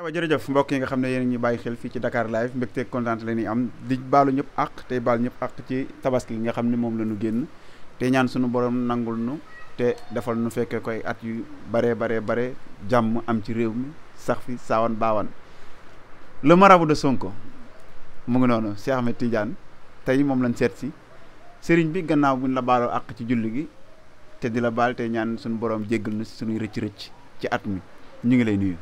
waaw jërëjëf mbokk yi nga xam ne yéen ñu bàyyi xel fii ci Dakar live mbégteeg kontaan la ñuy am di baalu ñëpp àq tey baal ñëpp àq ci tabaski gi nga xam ne moom la ñu génn te ñaan suñu borom nangul nu te defal nu fekkee koy at yu bare bare bare jàmm am ci réew mi sax fi saawan baawan le marabout de Sonko mu ngi noonu Cheikh Ahmed Tidiane tey moom lañ seet si sëriñ bi gannaaw buñ la baaloo ak ci julli gi te di la baal tey ñaan suñu boroom jéggal na si suñuy rëcc rëcc ci at mi ñu ngi lay nuyu.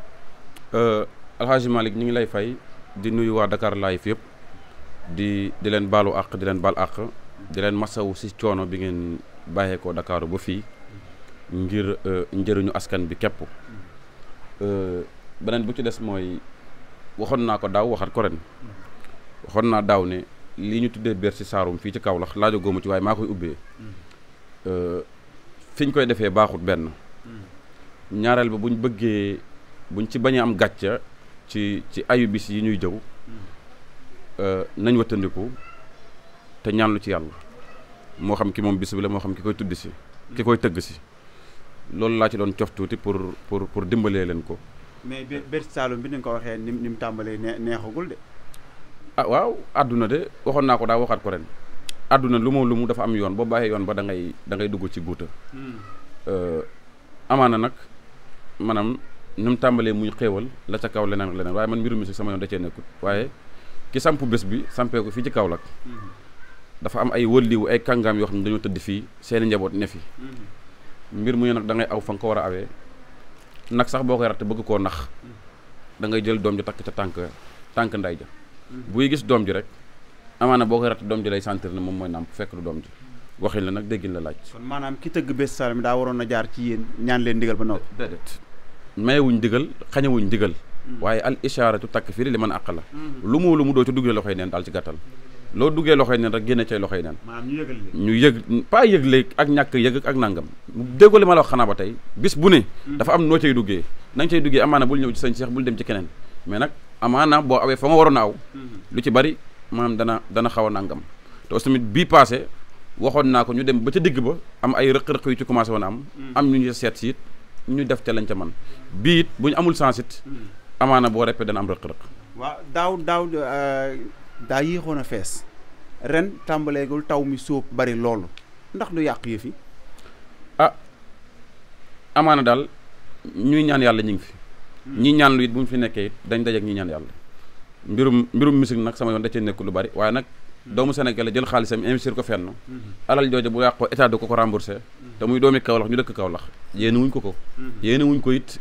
Euh, alxaaji Malick ñu ngi lay fay di nuyu waa Dakar fi yëpp di di leen baalu àq di leen baal àq di leen masawu si coono bi ngeen bàyyeekoo Dakar ba fii ngir euh, njëriñu askan bi képp euh, beneen bu ci des mooy waxoon naa ko daaw waxaat ko ren waxoon naa daaw ne lii ñu tuddee Bercy Saloum fii ci kawlax laajo góomu ci waaye maa koy ubbee euh, fi ñu koy defee baaxut benn mm. ñaareel ba buñ bëggee buñ ci bañee am gàcca ci ci ayubis yi ñuy jëw mm-hmm. euh, nañ wattandiku te ñaanlu ci yàlla moo xam ki moom bis moo xam ki koy tudd si ki koy tëgg si loolu laa ci doon cof tuuti pour pour pour dimbalee leen ko mais biir Saalum bi ni nga ko waxee ni ni mu tàmbalee neexagul de ah waaw àdduna de waxoon naa ko daa waxaat ko ren àdduna lu mu lu mu dafa am yoon boo bàyyee yoon ba da ngay da ngay dugg ci guuta mm. euh, amaana nag maanaam nu mu tàmbalee muy xéewal la ca kaw leneen ak leneen waaye man mbirum musique sama yoon da cee nekkut waaye ki samp bés bi sampee ko fii ci Kaolack mm-hmm. dafa am ay wëlliwu ay kàngaam yoo xam ne dañoo tëdd fii seeni njaboot ne fi mm-hmm. mbir mu ne nag dangay aw fa nga ko war a awee nag sax boo koy ratt bëgg koo nax mm-hmm. da ngay jël doom ji takk ca tànk tànk nday ja buy gis doom ji rek amaana boo koy ratt doom ji lay sentir ne moom mooy nàmp fekk du doom ji waxin la nag déggin la laaj. kon maanaam ki tëgg bés Saloum daa waroon a jaar ci yéen ñaan leen ndigal ba noppi. déedéet mayewuñ digal xañewuñ digal mm. waaye al takk fii li man àq la mm. lu mu lu mu doo ci duggee loxoy neen daal ci gàttal loo duggee loxoy neen rek génne cay loxoy neen ñu yëg pas yëgle ak ñàkk yëg ak nangam déggoo li ma la wax xanaa ba tey bis bu ne mm. dafa am noo cay duggee na nga duggee amaana bul ñëw ci sañ seex bul dem ci keneen mais nag amaana boo awee fa nga waroon a aw mm-hmm. lu ci bari maanaam dana dana xaw a nangam te aussi tamit bii passé waxoon naa ko ñu dem ba ca digg ba am ay rëq-rëq yu ci commencé woon am am ñu ñu seet si it ñu def ca lañ ca man bii it bu ñu amul sens it hmm. amaana boo reppee dana am rëq-rëq. waaw daaw daaw euh, daa yéexoon a fees ren tàmbaleegul taw mi sóob bari loolu ndax lu yàq yëf yi. ah amaana daal ñuy ñaan yàlla ñu ngi fi. Hmm. ñi ñaan luy it bu ñu fi nekkee it dañ dajeeg ñi ñaan yàlla. mbirum mbirum musique nag sama yoon da cee nekk lu bari waaye nag. doomu Sénégal la jël xaalisam investir ko fenn alal jooju bu yàqoo état du ko ko remboursé te muy doomi Kaolack ñu dëkk Kaolack yéen wuñ ko ko yéen wuñ ko it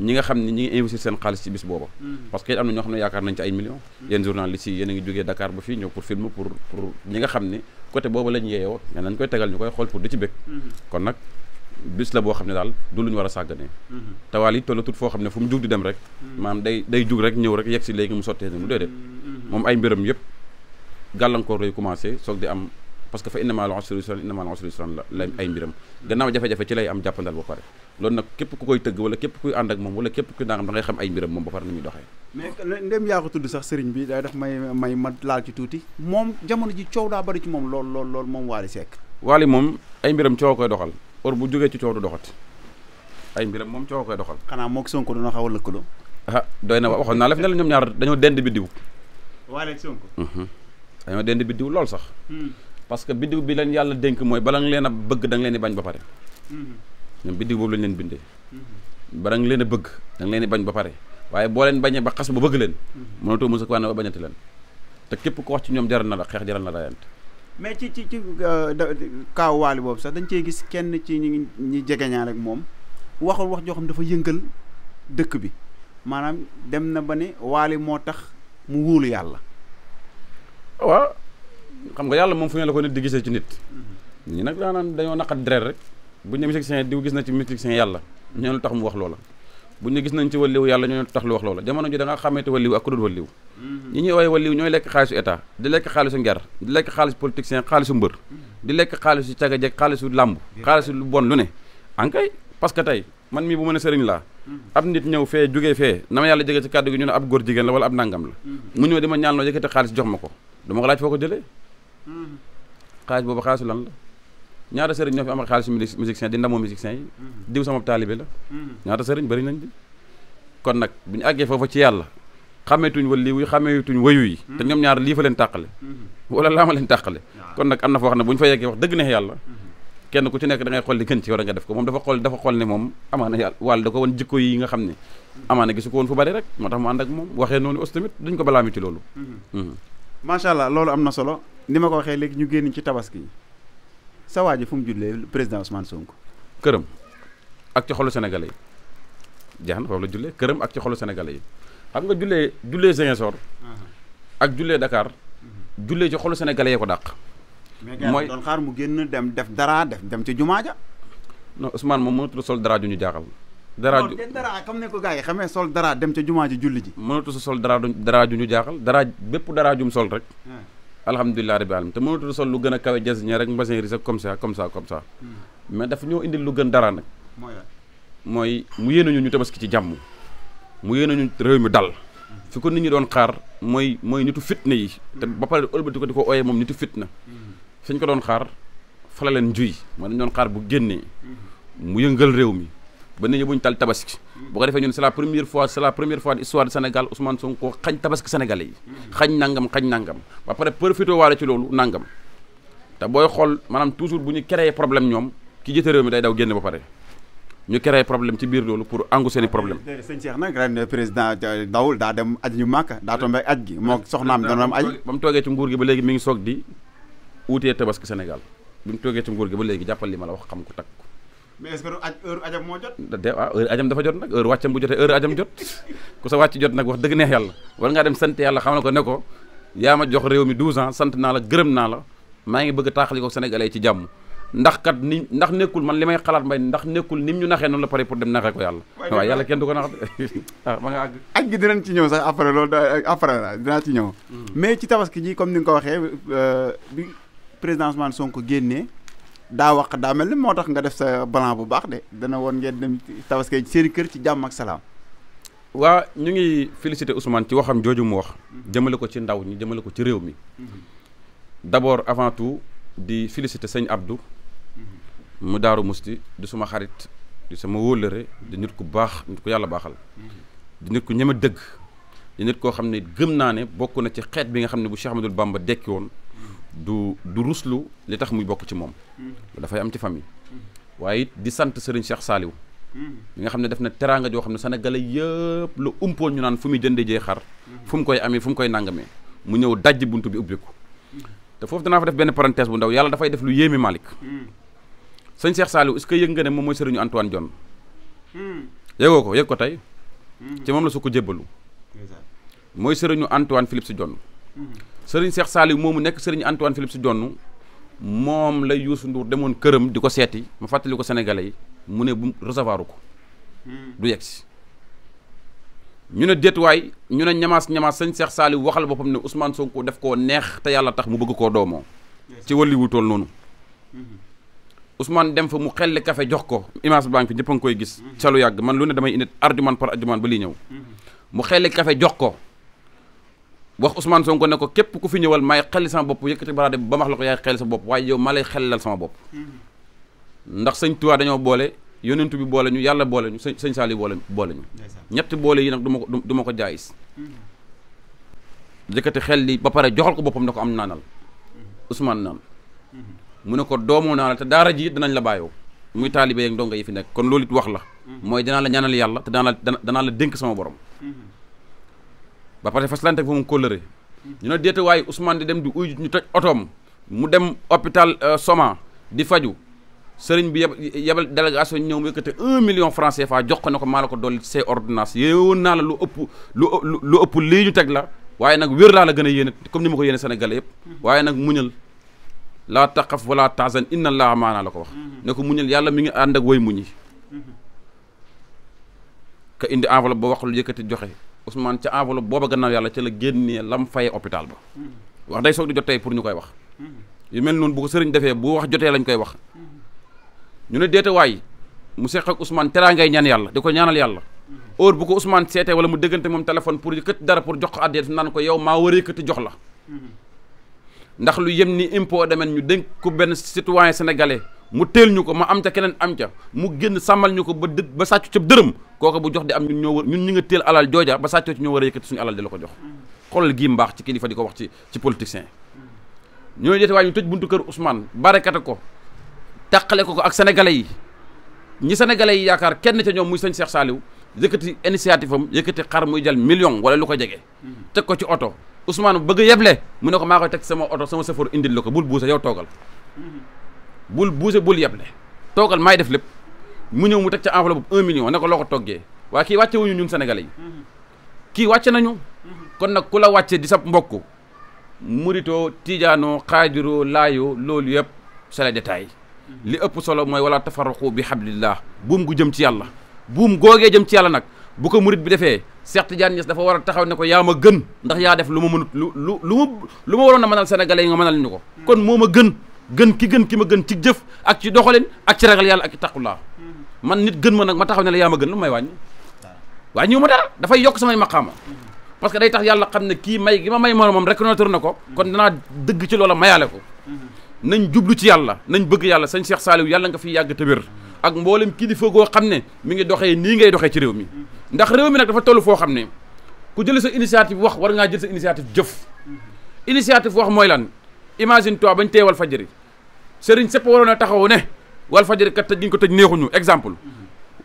ñi nga xam ni ñi ngi seen xaalis ci bis booba parce que am na ñoo xam ne yaakaar nañ ci ay million yéen journalistes yi yéen a ngi jógee Dakar ba fii ñëw pour film pour pour ñi nga xam ne côté booba lañ yeeyoo mais nañ koy tegal ñu koy xool pour di ci bëgg kon nag bis la boo xam ne daal du lu war a sàgganee tawaal yi tolla tut foo xam ne fu mu jug di dem rek maanaam day day jug rek ñëw rek yegg si léegi mu sottee ni mu déedéet moom ay mbiram yëpp gàllankoor lay commencé soog di am parce que fa inna ma'al usri yusran inna ma'al la la ay mbiram gannaaw jafe-jafe ci lay am jàppandal ba pare loolu nag képp ku koy tëgg wala képp kuy ànd ak moom wala képp kuy nangam da ay mbiram moom ba pare ni muy doxee mais ndem yaa tuuti moom jamono ji coow daa bari moom lool lool lool moom Waly Seck Waly moom ay koy doxal or bu jógee ci coow du doxat ay mbiram moom coow koy doxal xanaa moog Sonko dina xaw a lëkkaloo ah doy na waxoon naa la fi ne la ñoom ñaar dañoo dend bi diw dañoo dend biddiw lool sax. Hmm. parce que biddiw bi leen yàlla dénk mooy bala nga leen a bëgg da nga leen bañ ba pare. Hmm. ñoom biddiw boobu lañ leen bindee. Hmm. bala nga leen bëgg da leen di bañ ba pare waaye boo leen bañee ba xas ba bëgg leen. mënatoo mos a ko ne ba bañati leen te képp ko wax ci ñoom jaral na la xeex jaral na la yant mais ci ci ci euh, kaaw waali boobu sax dañ cee gis kenn ci ñi jege ñaan rek moom waxul wax joo xam dafa yëngal dëkk bi maanaam dem na ba ne waali moo tax mu wóolu yàlla. waaw xam nga yàlla moom fu ne la ko nit di gisee ci nit ñi nag daanaan dañoo naqat deret rek buñ ne mysticien diw gis na ci mysticien yàlla ñoo lu tax mu wax loola bu ne gis nañ ci walliw yàlla ñoo tax lu wax loola jamono ji da nga xamante walliw ak ku dul walliw mm-hmm. ñi ñuy waaye walliw ñooy lekk xaalisu état di lekk xaalisu ngar di lekk xaalisu politicien xaalisu mbër mm-hmm. di lekk xaalisu caga jeg xaalisu làmb xaalisu lu bon lu ne ankay parce que tey man mii bu ma ne laa mm-hmm. ab nit ñëw fee jógee fee na ma jege ci kàddu gi ñu ne ab góor jigéen la wala ab nangam la mu ñëw di ma ñaan loo yëkkati xaalis jox ma ko dama ko laaj foo ko jëlee mm-hmm. xaalis boobu xaalisu lan la ñaata sëriñ ñoo fi am xaalisu musicien di ndamoo musicien yi mm-hmm. diw sama taalibe la mm-hmm. ñaata sëriñ bari nañ di kon nag bu ñu àggee foofa ci yàlla xameetuñ wala lii wuy xameetuñ wayu yi te ñoom ñaar lii fa leen tàqale wala laa ma leen tàqale kon nag am na foo xam ne bu ñu fa yeggee wax dëgg neex yàlla kenn ku ci nekk da ngay xool li gën ci war a nga def ko moom dafa xool dafa xool ne moom amaana yàlla wàll da ko woon jikko yi nga xam ne amaana gisu ko woon bari rek moo tax mu ànd moom waxee noonu tamit duñ ko balaami ci loolu macha allah loolu am na solo ni ma ko waxee léegi ñu génn ci tabaski sa waa ji fu mu jullee président Ousmane Sonko. këram ak ci xolu sénégalais yi jeex na foofu jullee këram ak ci xolu sénégalais xam nga jullee jullee Ziguinchor uh-huh. ak jullee Dakar uh-huh. jullee ci xolu sénégalais yi ko dàq. mooy doon xaar mu génn dem def dara def dem ci jumaa ja non Ousmane moom mënatul sol dara ju ñu jaaxal. dara ju dara xam ne ko gars yi sol dara dem ca jumaa ji julli ji mënatu sa sol dara dara ju ñu jaaxal dara bépp dara jum sol rek ah. alhamdulilah rabbi alamin te mënatu sol lu gën a kawe jasiñe rek mbasin ris ak comme ça comme ça comme ça hmm. mais dafa ñoo indi lu gën dara nag mooy mu yéene ñu ñu tabaski ci jàmm mu yéene ñu réew mi dal hmm. fi ko nit ñi doon xaar mooy mooy nitu fitna yi te hmm. ba pare ëlbati ko di ko ooyee moom nitu fitna fi ñu ko doon xaar fala leen njuy moo dañ doon xaar bu génnee mu yëngal réew mi ba nit ñi buñ tal tabaski bu ko defee ñun c'est la première fois c'est la première fois de histoire du Sénégal Ousmane Sonko xañ tabaski sénégalais yi xañ nangam xañ nangam ba pare profité waale ci loolu nangam te booy xool maanaam toujours bu ñu créé problème ñoom ki jiite réew mi day daw génn ba pare ñu créé problème ci biir loolu pour angu seeni problème sëñ Cheikh nag ren président dawul daa dem aj ñu màkk daa tombe aj gi moo soxnaam doon am aj ba mu toogee ci nguur gi ba léegi mi ngi soog di uutee tabaski Sénégal bu ñu toogee ci nguur gi ba léegi jàppal li ma wax xam ko takk mais est-ce ajam moo jot. de waaw heure ajam dafa jot nag heure wàccam bu jotee heure ajam jot ku sa wàcc jot nag wax dëgg neex yàlla war ngaa dem sant yàlla xamal ko ne ko yaa ma jox réew mi 12 sant naa la gërëm naa la maa ngi bëgg a taaxali ko sénégalais ci jàmm ndax kat ni ndax nekkul man li may xalaat mbay ndax nekkul ni nim ñu naxee noonu la pare pour dem naxee ko yàlla. waaw yàlla kenn du ko nax de ah ma nga àgg. aj gi dinañ ci ñëw sax après loolu après la dinaa ci ñëw. Hmm. comme ni ko waxee euh, bi président Ousmane génnee daa wax daa mel ni moo tax nga def sa balan bu baax de dana woon ngeen dem tabaski seeni kër ci jàmm ak salaam. waa ñu ngi félicité Ousmane ci waxam jooju mu wax. Mhm. jëmale ko ci ndaw ñi jëmale ko ci réew mi. Mhm. d'abord avant tout di félicité sëñ Abdou. Mhm. mu daaru musti di suma xarit di sama wóllëre di nit ku baax nit ku yàlla baaxal. di nit ku ñeme dëgg. di nit koo xam ne gëm naa ne bokk na ci xeet bi nga xam ne bu Cheikh Ahmadou ba dekki woon. du du ruslu li tax muy bokk ci moom. dafay am ci famille. waaye it di sant Serigne Cheikh Saliou. mi nga xam ne def na teraanga joo xam ne sénégalais yëpp la umpoon ñu naan fu muy jënd jee xar. fu mu koy amee fu mu koy nangamee mu ñëw dajj bunt bi ubbiku te foofu danaa fa def benn parenthèse bu ndaw yàlla dafay def lu yéeme Malick. sëñ Cheikh Saliou est-ce yëg nga ne moom mooy Serigne Antoine Diome. yëgoo ko yëg ko tey. ci moom la su ko jébbalu. mooy Serigne Antoine si Diome. sëriñ Cheikh moom mu nekk sëriñ Antoine Philippe si jonn moom lay Youssou Ndour demoon këram di ko seeti mu fàttali ko sénégalais yi mu ne bu recevoir ko hmm. du yegg si ñu ne déetuwaay ñu ne ñamaas ñamaas sëñ Cheikh Saliou waxal boppam ne Ousmane Sonko def koo neex te yàlla tax mu bëgg koo doomoo ci wàlliwu tool noonu hmm. Ousmane dem fa mu xelli kafe jox ko image banque fi ñëpp a ngi koy gis hmm. ca lu yàgg man lu ne damay indi argument par argument ba li ñëw mu xelli café jox ko wax Ousmane Sonko ne ko képp ku fi ñëwal maay xelli sama bopp yëkkati bara de ba max la ko yaay xelli sa bopp waaye yow ma lay xellal sama bopp mm-hmm. ndax sëñ Tuubaa dañoo boole yonentu bi boole ñu yàlla boole ñu sëñ sëñ Saali boole boole ñu ñetti boole yi nag duma ko du ma ko jaayis mm-hmm. yëkkati xel li ba pare joxal ko boppam ne ko am naanal mm-hmm. Ousmane naan mu ne ko doomoo naanal te daara ji danañ la bàyyoo muy taalibe yeeg ndongo yi fi nekk kon loolu it wax la mooy danaa la ñaanal yàlla te danaa danaa la dénk sama borom ba pare faslante fa mu kóllëre ñu ne déete waaye Ousmane di dem di uy ñu toj otoom mu dem hôpital euh, Soma di faju sëriñ bi yebal délégation ñëw mu yëkkate un million franc CFA jox ko ne ko maa la ko dolli say ordonnance yéewoon naa la lu ëpp lu ëpp lii ñu teg la waaye nag wér laa la gën a yéene comme ni ma ko yéene Sénégalais yépp waaye nag muñal laa taqaf wala tahzan inna allaha maanaa la ko wax ne ko muñal yàlla mu ngi ànd ak way muñi ka indi enveloppe ba wax lu yëkkati joxe Ousmane ca enveloppe booba gannaaw yàlla ca la génnee lam faye hôpital ba wax day soog di jot pour ñu koy wax yu mel noonu bu ko sëriñ defee bu wax jotee lañ koy wax ñu ne deete waay mu seq ak Ousmane teraa ngay ñaan yàlla di ko ñaanal yàlla heure bu ko Ousmane seetee wala mu dëggante moom téléphone pour yëkkati dara pour jox ko àddee daf naan ko yow maa war a yëkkati jox la ndax lu yem ni impôt demen ñu dénk ko benn citoyen sénégalais mu teel ñu ko ma am ca keneen am ca mu génn sàmmal ñu ko ba dë ba sàccu ca dërëm kooka bu jox di am ñun ñoo ñun ñi nga teel alal jooja ba sàccoo ci ñoo war a yëkkati suñu alal di la ko jox xoolal gii mbaax ci kilifa di ko wax ci ci politicien ñooñu deete waaye ñu tëj buntu kër Ousmane barakate ko tàqale ko ko ak sénégalais yi ñi sénégalais yi yaakaar kenn ca ñoom muy sëñ Cheikh Saliou yëkkati initiative am yëkkati xar muy jël million wala lu ko jege teg ko ci oto u bëgg yeble mu ne ko maa koy teg sama oto sama safoor indil la ko bul buusa yow toogal bul buuse bul yeble toogal maay def lépp mu ñëw mu teg ca enveloppe un million ne ko loo ko toggee waaye kii wàcce wuñu ñun sénégalais yi mm-hmm. kii wàcce nañu mm-hmm. kon nag ku la wàcce di sab mbokk muritoo tiijaanoo xaadiroo laayoo loolu yëpp c'est le détail mm-hmm. li ëpp solo mooy wala tafarraqu bi hablillah buum gu jëm ci yàlla buum googee jëm ci yàlla nag bu ko murit bi defee Cheikh Tidiane Niass dafa war a taxaw ne ko yaa ma gën ndax yaa def lu ma mënut lu lu lu ma lu ma waroon a mënal sénégalais yi nga mënal ñu ko gën ki gën ki ma gën ci jëf ak ci doxalin ak ci ragal yàlla ak ci taqulaa man nit gën ma nag ma taxaw ne la yaa ma gën lu may wàññi wàññiwu ma dara dafay yokk samay maqaama mm-hmm. parce que day tax yàlla xam ne kii may gi ma may moromam reconnaître na ko mm-hmm. kon danaa dëgg ci loola mayaale ko mm-hmm. nañ jublu ci yàlla nañ bëgg yàlla sañ Cheikh Saliou yàlla nga fi yàgg te wér ak mboolem kilifa goo xam ne mi ngi doxee nii ngay doxee ci réew mi ndax réew mi dafa toll foo xam ne ku jël sa initiative wax war ngaa jël sa initiative jëf initiative wax mooy lan imagine toi bañ tee wal fajëri sëriñ sëpp waroon taxaw ne wal fajëri kat tëj ñu ko tëj neexuñu exemple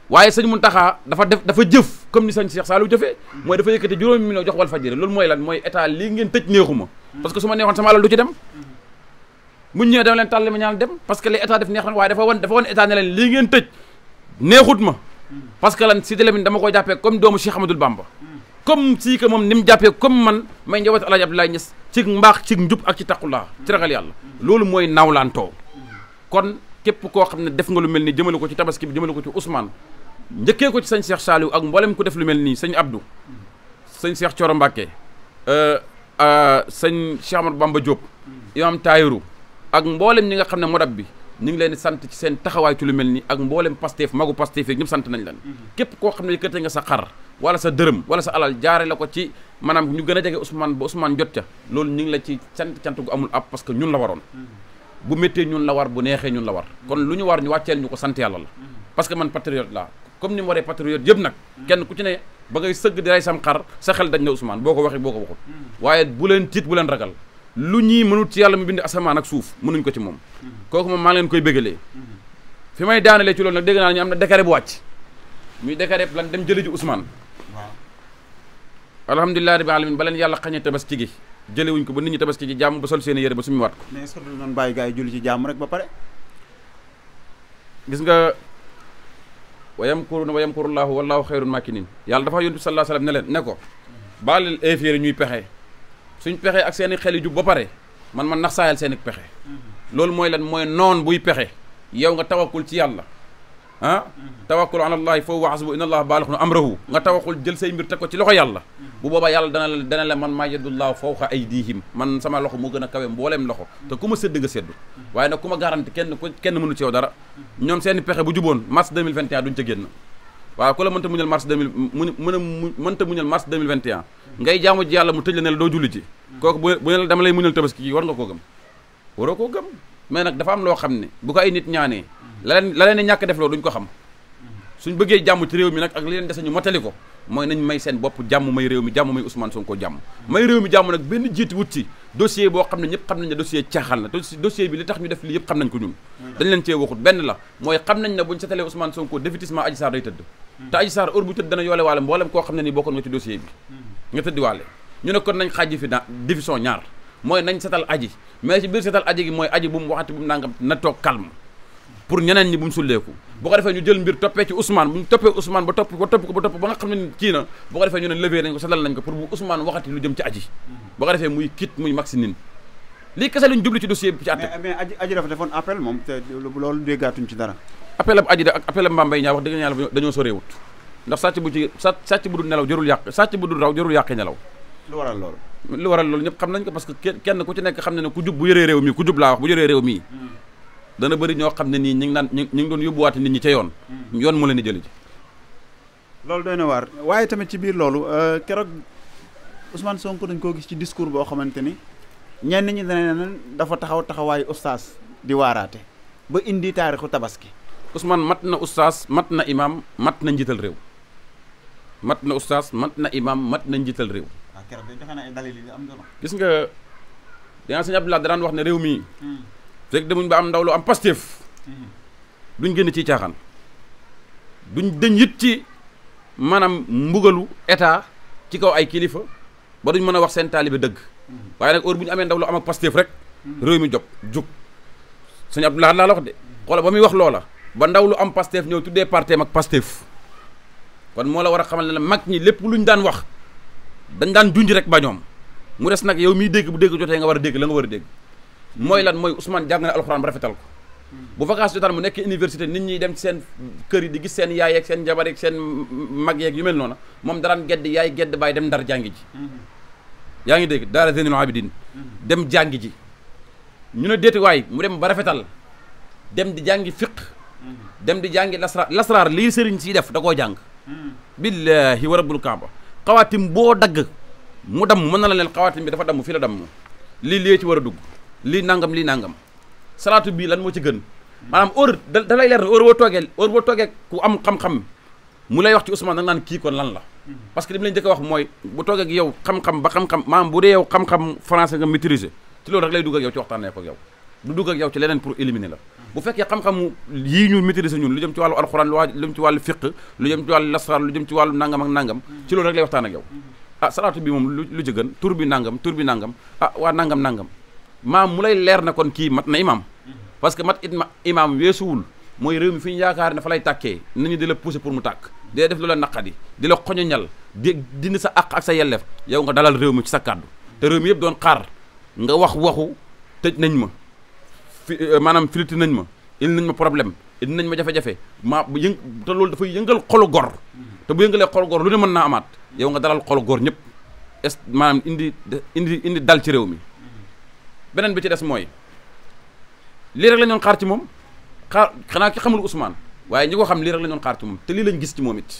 waaye sëñ Muntaxa dafa def dafa jëf comme ni sëñ Cheikh Saliou jëfee mooy dafa yëkkati juróomi million jox wal fajëri loolu mooy lan mooy état lii ngeen tëj neexuma parce que su ma neexoon sama alal du dem muñ ñëwee dama leen tàll parce que li état def neex na waaye dafa ne leen neexut ma parce que lan si delemin dama koy jàppee comme doomu Cheikh Amadou Bamba comme si que moom ni mu jàppee comme man may njabootu El Hadj Abdoulaye Niass ci mbaax ci njub ak ci taqulaa ci ragal yàlla loolu mooy nawlaantoo kon képp koo xam ne def nga lu mel nii jëmale ko ci tabaski bi jëmale ko ci Ousmane njëkkee ko ci sëñ Cheikh Saliou ak mboolem ku def lu mel nii sëñ Abdou sëñ Cheikh Thioro Mbacké euh, euh, sëñ Cheikh Amadou Bamba Diop imam Tayiru ak mboolem ñi nga xam ne modab bi ñu ngi leen di sant ci seen taxawaay ci lu mel ni ak mboolem Pastef magu Pastef yeeg ñëpp sant nañ mhm. koo xam ne yëkkate nga sa xar wala sa dërëm wala sa alal jaare la ko ci maanaam ñu gën a jege Ousmane ba Ousmane jot ca loolu ñu ngi la ci sant cant gu amul ab parce que ñun la waroon mhm. bu méttee ñun la war bu neexee ñun la war mhm. kon lu ñu war ñu wàcceel ñu ko sant yàlla la parce que man patriote la comme ni mu waree patriote yëpp nag kenn ku ci ne ba ngay sëgg di rey sam xar sa xel dañ na Ousmane boo ko waxee boo ko waxul waaye bu leen tiit bu leen ragal lu ñii mënut ci yàlla mu bind asamaan ak suuf mënuñ ko ci moom mm-hmm. kooku moom maa leen koy bëggalee mm-hmm. fi may daanalee ci loolu nag dégg naa ñu am na décret bu wàcc muy décret lan dem jëli ji Ousmane alhamdulilah rabbi alamin ba leen yàlla tabas tabaski gi jële wuñ ko ba nit ñi tabaski ci jàmm ba sol seen yére ba suñu waat ko mais est-ce que du doon bàyyi gars yi jàmm rek ba pare gis nga wa yamkuruuna wa yamkurullaahu wallaahu xayrul maakiriin yàlla dafa yónni bi sallallahu alayhi wa sallam ne leen ne ko mm-hmm. baalil ñuy pexe suñ pexee ak seeni i xel yu jub ba pare man man nax saayal seen pexe loolu mooy lan mooy noon buy pexe yaw nga tawakkul ci yàlla ah tawakkul ala allahi fa huwa hasbu inna allaha baaligu amrahu nga tawakkul jël say mbir teg ko ci loxo yàlla bu boobaa yàlla dana la dana la man maa yadullaahu fawqa aydihim man sama loxo moo gën a kawe mbooleem loxo te ku ma sédd nga séddu waaye nag ku ma garanti kenn ku kenn mënu ci yow dara ñoom seen pexe bu juboon mars 2021 duñ ca génn waaw a mu mënta muñal mars 2021 ngay jaamu ji yàlla mu tëj la ne la doo julli ji kooku bu ne la dama lay muñal tabaski war nga koo gëm waroo koo gëm mais nag dafa am loo xam ne bu ko ay nit ñaanee la leen la leen ñàkk def loo duñ ko xam suñ bëggee jàmm ci réew mi nag ak li leen dese ñu motali ko mooy nañ may seen bopp jàmm may réew mi jàmm may Ousmane Sonko jàmm may réew mi jàmm nag benn jiit wut xam ne ñëpp xam nañ ne dossier caaxaan la dossier bi li tax ñu def li yëpp xam nañ ko ñun dañ leen cee waxut benn setalee Ousmane Sonko définitivement Adji Sarr day tëdd te Adji Sarr heure bu tëdd dana yoole mboolem koo xam ne nii bokkoon nga ci dossier bi nga tëddi ñu ne kon nañ xaaji fi na ñaar mooy nañ setal aji mais ci biir setal aji gi mooy aji bu mu waxati bu mu nangam na toog calme pour ñeneen ñi bu ñu sulleeku bu ko defee ñu jël mbir toppee ci Ousmane bu ñu toppee Ousmane ba topp ba topp ko ba topp ba nga xam ne kii na bu ko defee ñu ne levé nañ ko setal nañ ko pour bu Ousmane waxati lu jëm ci aji bu ko defee muy kit muy maxinin lii kese lañ jublu ci dossier bi ci àtte mais aji aji dafa defoon appel moom te loolu déggaatuñ ci dara appel ab aji ak appel ab Mbaye ñaa wax dëgg ñaa dañoo soreewut ndax sàcc bu ci sàcc sàcc bu dul nelaw jërul yàq sàcc bu dul raw jërul yàqee nelaw lu waral loolu lu waral loolu ñëpp xam nañ ko parce que kenn ku ci nekk xam ne ne ku jub bu yëree réew mi ku jub laa wax bu yëree réew mi hmm. dana bari ñoo xam ne nii ñi ngi naan ñu ngi doon yóbbuwaate nit ñi ca yoon hmm. yoon mu leen di jëli ji loolu doy na waar waaye tamit ci biir loolu euh, keroog Ousmane sonk dañ koo gis ci discours boo xamante ni ñenn ñi dana ne dafa taxaw taxawaayu ustaas di waaraate ba indi taarixu tabaski Ousmane mat na ustaas mat na imaam mat na njiital réew mat na ustaas mat na imaam mat na njiital réew ah, keroog joxe na ay dalil am gis nga dinaa sëñ Abdoulaye daan wax ne réew mii hmm. fekk demuñ ba am ndaw lu am Pastef mhm. duñ génn ci caaxaan duñ dëñ it ci maanaam mbugalu état ci kaw ay kilifa ba duñ mën a wax seen taalibe dëgg mhm. waaye nag heure bu ñu amee ndaw lu am ak rek mhm. réew mi jóg jóg sëñ Abdoulaye laa la wax de xoola ba muy wax loola ba ndaw lu am Pastef ñëw tuddee parteem ak Pastef kon moo la war a xamal ne la mag ñi lépp lu ñu daan wax dañ daan junj rek ba ñoom mu des nag yow miy dégg bu dégg jotee nga war a dégg la nga war a dégg mooy lan mooy Ousmane jàng na alxuraan ba rafetal ko bu vacances jotaan mu nekk université nit ñi dem ci seen kër yi di gis seen yaay ak seen njabar seen mag yeeg yu mel noonu moom daraan gedd yaay gedd baay dem ndar jàngi ji yaa ngi dégg daara Zeynul Abidin dem jàngi ji ñu ne déeti waay mu dem ba rafetal dem di jàngi fiq dem di jàngi lasraar lasraar lii sëriñ si def da koo jàng billahi wa rabbul kaaba xawaatim boo dagg mu damm mën na la leen xawaatim bi dafa damm fii la damm lii lii ci war a dugg lii nangam lii nangam salaatu bii lan moo ci gën maanaam heure da da lay leer ne heure boo toogee heure boo toogee ku am xam-xam mu lay wax ci Ousmane da nga naan kii kon lan la. parce que li mu jëkk a wax mooy bu toogee ak yow xam-xam ba xam-xam maanaam bu dee yow xam-xam français nga maîtriser ci loolu rek lay dugg ak yow ci waxtaanee ko ak yow. du dugg ak yow ci leneen pour éliminer la. bu fekkee xam-xamu yii ñu maîtriser ñun lu jëm ci wàllu alxuraan lu jëm ci wàllu fiq lu jëm ci wàllu lasraar lu jëm ci wàllu nangam ak nangam. ci loolu yow. ah salaatu bi moom lu lu ci gën tur bi nangam tur bi nangam ah waa nangam nangam maam mu lay leer na kon kii mat na imaam parce que mat it ma imaam weesuwul mooy réew mi fi ñu yaakaar ne fa lay tàkkee nañu di la pousser pour mu tàkk di def lu la naqadi di la xoñoñal di dindi sa àq ak sa yelleef yow nga dalal réew mi ci sa kàddu te réew mi yëpp doon xaar nga wax waxu tëj nañ ma fi euh, maanaam filiti nañ ma indi nañ ma problème indi ma jafe-jafe maa yëng te loolu dafay yëngal xolu gor te bu yëngalee xolu gor lu ne mën naa amaat yow nga dalal xolu gor ñëpp maam maanaam indi indi indi dal ci réew mi beneen bi ci des mooy lii rek la ñoon xaar ci moom xaar xanaa ki xamul Ousmane waaye ñi ko xam lii rek la ñoon xaar ci moom te lii lañ gis ci moom it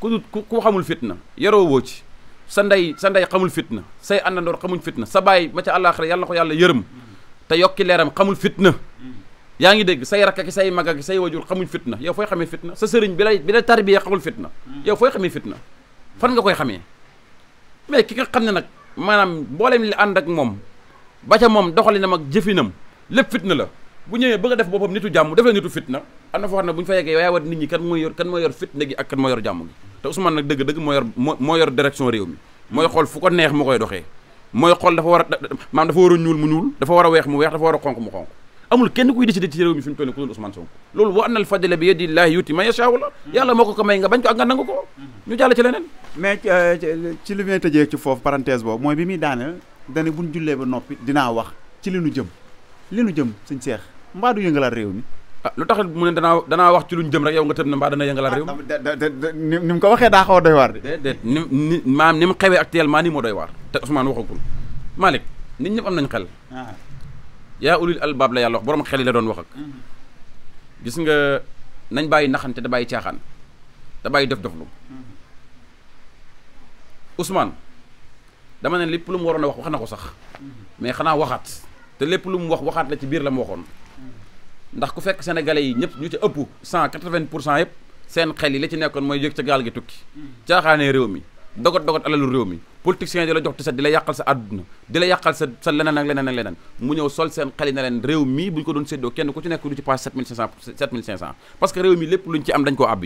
ku ku xamul fitna yaroo woo ci sa ndey sa ndey xamul fitna say àndandoor xamul fitna sa baay ma ca àllaaxira yàlla ko yàlla yërëm te yokki leeram xamul fitna yaa ngi dégg say rakk say mag ak say wajur xamuñ fitna yow fooy xamee fitna sa sëriñ bi lay bi lay tarbiya xamul fitna yow fooy xamee fitna fan nga koy xamee mais ki nga xam ne nag maanaam mboolem li ànd ak moom ba ca moom doxalinam ak jëfinam lépp fitna la bu ñëwee bëgg a def boppam nitu jàmm defee nitu fitna am na foo xam ne bu ñu fa yeggee yaa war nit ñi kan mooy yor fitna gi ak mooy yor direction réew mi koy doxee mooy xool dafa war a dafa war a ñuul mu ñuul dafa war a weex a xonq mu xonq amul kenn kuy fi mu toll ku dul Ousmane Sonko loolu wa annal fadla bi yadillaahi yuti man yashaa la yàlla moo ko ko may nga bañ ko ak nga nangu ko mm-hmm. ñu jàll ci leneen mais euh, ci li may ci foofu parenthèse boobu mooy bi muy daane dane bu jullee ba noppi dinaa wax ci li jëm li nu jëm suñ seex mbaa du yëngalaat réew mi ah lu tax mu ne danaa danaa wax ci luñ jëm rek yow nga tëb ne mbaa dana yëngalaat réew mi ah, ni mu ko waxee daa xaw a doy waar de déedéet ni ni maam ni mu xewee actuellement nii moo doy waar te Ousmane waxagul Malick nit ñëpp am nañ xel ah. yaa ulil albaab la yàlla wax borom xel yi la doon wax mm-hmm. gis nga nañ bàyyi naxante da bàyyi caaxaan da bàyyi def doflu mm-hmm. Ousmane dama ne lépp lu mu waroon a wax wax na ko sax mais xanaa waxaat te lépp lu mu wax waxaat la ci biir la mu waxoon ndax ku fekk sénégalais yi ñëpp ñu ci ëpp cent quatre-vingt pour cent yëpp seen xel yi la ci nekkoon mooy jóg ca gaal gi tukki caaxaanee réew mi dogot dogot alalu réew mi politiciens di la jox te di la yàqal sa àdduna di la yàqal sa leneen ak leneen ak leneen mu ñëw sol seen xel yi ne leen réew mii bu ñu ko doon séddoo kenn ku ci nekk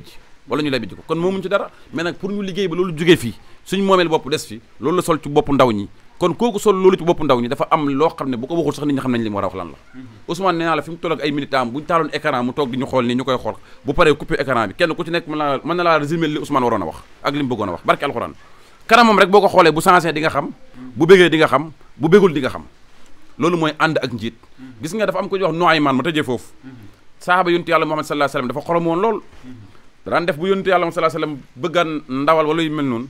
ci wala ñu labiti ko kon moomuñ ci dara mais nag pour ñu liggéey ba loolu jógee fii suñ moomeel bopp des fi loolu la sol ci bopp ndaw ñi kon kooku sol loolu ci bopp ndaw ñi dafa am loo xam ne bu ko waxul sax nit ñi xam nañ a wax lan la mhm. Ousmane nee naa la fi mu toll ak ay militant ñu koy xool bu paree coupé écran bi kenn ku ci nekk mën na laa résumé li Ousmane waroon a wax ak li mu bëggoon a wax barke alxuraan kanamam rek boo ko xoolee bu changé mhm. di nga xam bu bëggee di xam bu bëggul di xam loolu mhm. am ko ñu wax Nuaymaan ma tëjee foofu sahaaba yonent yàlla Muhammad sallallahu alayhi wasallam daan def bu yónnitu yàlla salaa salaam bëggaan ndawal wala yu mel noonu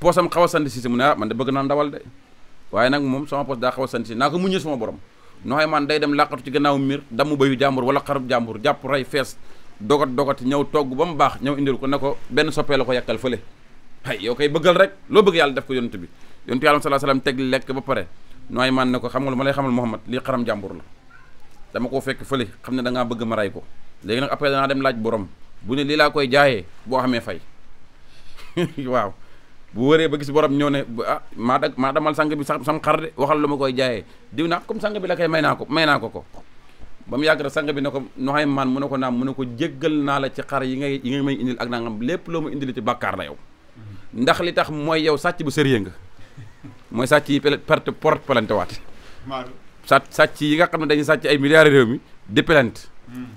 poosam xaw a sant si si mu ne ah man de bëgg naa ndawal de waaye nag moom sama poos daa xaw a sant si naa ko muññee sama borom noxoy maan day dem làqatu ci gannaaw miir damu bayu jàmbur wala xarub jàmbur jàpp rey fees dogat dogat ñëw togg ba mu baax ñëw indil ko ne ko benn soppee la ko yàkkal fële ay yow koy bëggal rek loo bëgg yàlla def ko yonent bi yonent yàlla salaa salaam teg lekk ba pare noxoy maan ne ko xam nga lu ma lay xamal Muhammad lii xaram jàmbur la dama koo fekk fële xam ne da ngaa bëgg ma ray ko léegi nag après danaa dem laaj borom bu ne lii laa koy jaayee boo xamee fay waaw bu wëree ba gis borom ñëw ne ah maa da maa damal sang bi sam xar de waxal lu ma koy jaayee diw naa comme sang bi la koy may naa ko may naa ko ko ba mu yàgg rek sang bi ne ko noxay maan mu ne ko naam mu ne ko jéggal naa la ci xar yi ngay yi nga may indil ak nangam lépp loo ma indil ci bàkkaar la yow ndax li tax mooy yow sàcc bu sérieux nga mooy sàcc yi perte porte plainte waat sàcc yi nga xam ne dañuy sàcc ay milliards réew mi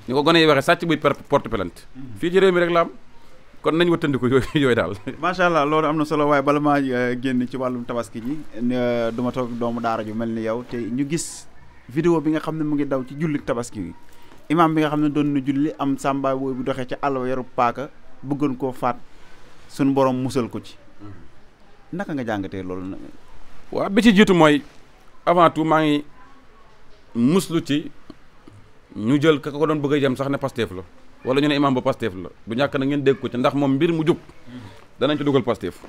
ñu ko gone yi waxee sàcc buy port plainte mm-hmm. fii ci réew mi rek la am kon nañ wattandiku yooyu daal macha allah loolu am na solo waaye bala maa eh, génn ci wàllum tabaski ji du ma toog doomu daara ju mel ni yow te ñu gis vidéo bi nga xam ne mu ngi daw ci jullik tabaski bi imaam bi nga xam ne doon na julli am sàmbaay booy bu doxee ci àll ba paaka bëggoon koo faat suñu boroom musal ko ci mm-hmm. naka nga jàngatee loolu nag waaw bi ci jiitu mooy avant tout maa ngi muslu ci ñu jël ka ko doon bëgg a jëm sax ne Pastef la wala ñu ne imam ba Pastef la du ñàkk na ngeen dégg ko ci ndax moom mbir mu jub danañ ci dugal Pastef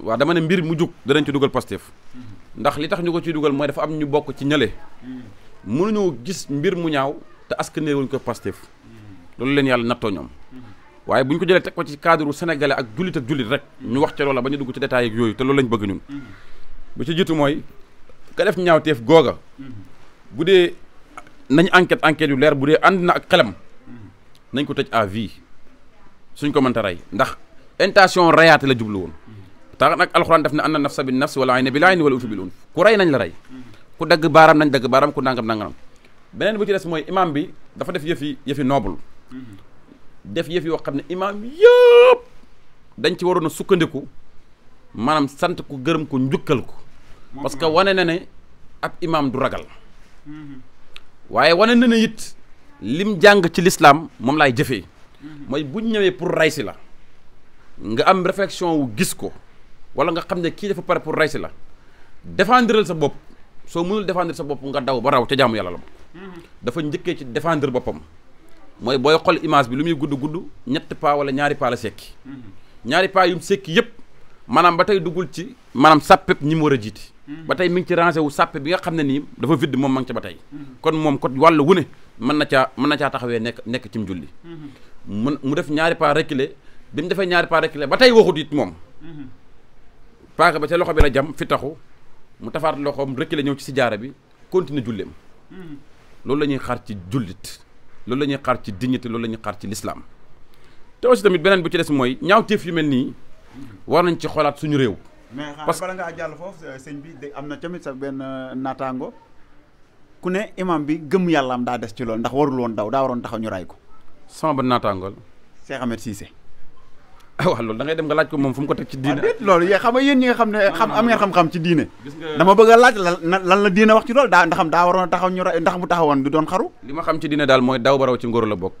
waaw dama ne mbir mu jub danañ ci dugal Pastef mhm. ndax li tax ñu ko ciy dugal mooy dafa am ñu bokk ci ñële mhm. ñoo gis mbir mu ñaaw te askanee wuñ ko Pastef mhm. loolu leen yàlla nattoo ñoom waaye bu ñu ko jëlee te ko ci cadre sénégalais ak jullit ak jullit rek ñu wax ca loola ba ñu dugg ci détails ak yooyu te loolu lañ bëgg ñun bu ci jiitu mooy ka def ñaawteef googa nañ enquête enquête yu leer bu dee ànd na ak xelam nañ ko tëj à vie suñ ko mënta rey ndax intention reyaate la jublu woon tax nag alxuraan def na ne anna nafsa bin nafs wala ayna bil ayn wala unfu bil unf ku rey nañ la rey ku dagg baaram nañ dagg baaram ku nangam nanganam beneen bu ci des mooy imam bi dafa def yëfi yëfi noble def yëf yoo xam ne imaam yëpp dañ ci waroon a sukkandiku maanaam sant ko gërëm ko njukkal ko parce que wane na ne ak imaam du ragal mm-hmm. waaye wane na ne it lim jàng ci lislaam moom laay jëfee mooy buñ ñëwee pour raysi la nga am réflexion wu gis ko wala nga xam ne kii dafa pare pour ray la défendral sa bopp soo mënul défendre sa bopp nga daw ba raw ca jaamu yàlla la dafa njëkkee ci défendre boppam mooy booy xool image bi lu muy gudd gudd ñett paa wala ñaari paa la sekki ñaari paa yum sekki yëpp maanaam ba tey duggul ci maanaam sàppeb ñi war a jiiti hmm. ba tey mi ngi ci rangé wu sàppe bi nga xam ne nii dafa vidd moom ma ngi ca ba tey kon moom kot wàllu wu ne mën na caa mën na caa taxawee nekk nekk ci mu julli hmm. mun mu def ñaari pas reculé bi mu defee ñaari pas reculé ba tey waxut it moom hmm. paaka ba ca loxo bi la jam fi taxu mu tafaat loxoom reculé ñëw ci si jaara bi continuer julleem loolu la ñuy xaar ci jullit loolu la xaar ci dignité loolu la ñuy xaar ci l'islam te tamit beneen bu ci des mooy ñaawteef yu mel nii war nañ ci xoolaat suñu réew. parce que mais bala ngaa jàll foofu euh, sëñ bi am na tamit sa benn euh, naataango ku ne imam bi gëm yàlla am daa des ci loolu ndax warul woon daw daa waroon taxaw ñu ray ko. sama ba naataangool. Cheikh Ahmed Cissé. ah waaw loolu da ngay dem nga laaj ko mu ci diine. Ah, loolu yéen xam nga xam ne xam am ngeen xam-xam ci diine. dama bëgg a laaj lan lan la diine wax ci loolu daa ndax daa waroon a taxaw ñu ray ndax bu taxawoon du doon xaru. li ma xam ci diine daal mooy daw baraw ci ngóor la bokk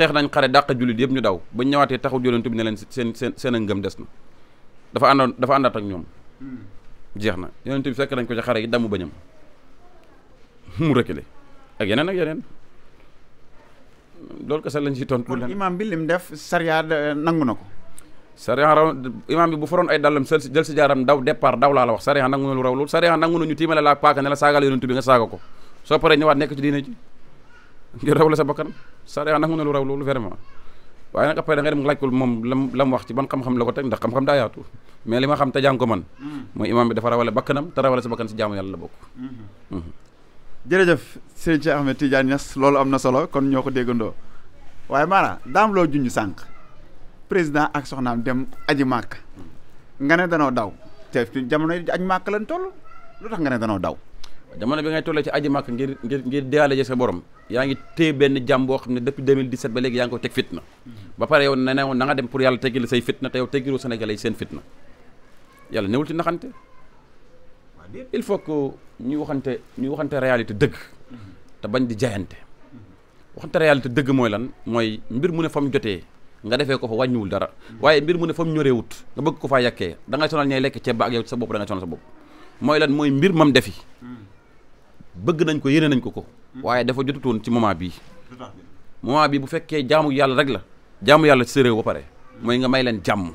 xeex nañ xare dàq jullit yëpp ñu daw ba ñëwaatee taxaw yonent bi ne seen seen a ngëm na dafa àndoon dafa àndaat ak ñoom hmm. jeex na yonent bi fekk nañ ko ci xare damu bañam mu reculer ak yeneen ak yeneen loolu kese lañ ci tontu leen imaam bi lim def sariya euh, nangu na ko sariya raw imaam bi bu foroon ay dallam sel daw laa la wax sariya nangu na lu raw loolu sariya nangu na ñu tiimale laa paaka ne la saagal ko soo paree ñëwaat nekk ci diine ji ngir la sa bakkan Sadio nag mu ne lu raw loolu vraiment waaye nag après da nga dem laaj ko moom lam la mu wax ci ban xam-xam la ko teg ndax xam-xam daa yaatu mais li ma xam te jàng ko man mm. mooy imaam bi dafa rawale bakkanam te rawale sa bakkan si jaamu yàlla la bokk mm-hmm. Mm-hmm. jërëjëf sëñ Cheikh Ahmed Tidiane Niass loolu am na solo kon ñoo ko déggandoo waaye maanaam daam loo junj sànq président ak soxnaam dem aji màkk mm. nga ne danoo daw te jamono yi aji màkk lañ toll lu tax nga ne danoo daw jamono bi ngay tollee ci aji màkk ngir ngir ngir deyaale ji sa borom yaa ngi téye benn jàmm boo xam ne depuis 2017 ba léegi yaa ngi ko teg fitna mm-hmm. ba pare yow ne na nga dem pour yàlla teggil say fitna te yow teggiloo Sénégalais yi seen fitna yàlla newul ci naxante il faut que ñuy waxante ñuy waxante réalité dëgg mm-hmm. te bañ di jaayante waxante réalité dëgg mooy lan mooy mbir mu ne fa jotee nga defee ko fa wàññiwul dara mm-hmm. waaye mbir mu ne fa mu ñoreewut nga bëgg ko faa yàkkee da ngay sonal ñay lekk ceeb ba ak yow sa bopp da sa bopp mooy lan mooy mbir mam defi bëgg nañ ko yéene nañ ko ko waaye dafa jotutoon ci moment bii moment bii bu fekkee jaamu yàlla rek la jaamu yàlla ci sa réew ba pare mooy nga may leen jàmm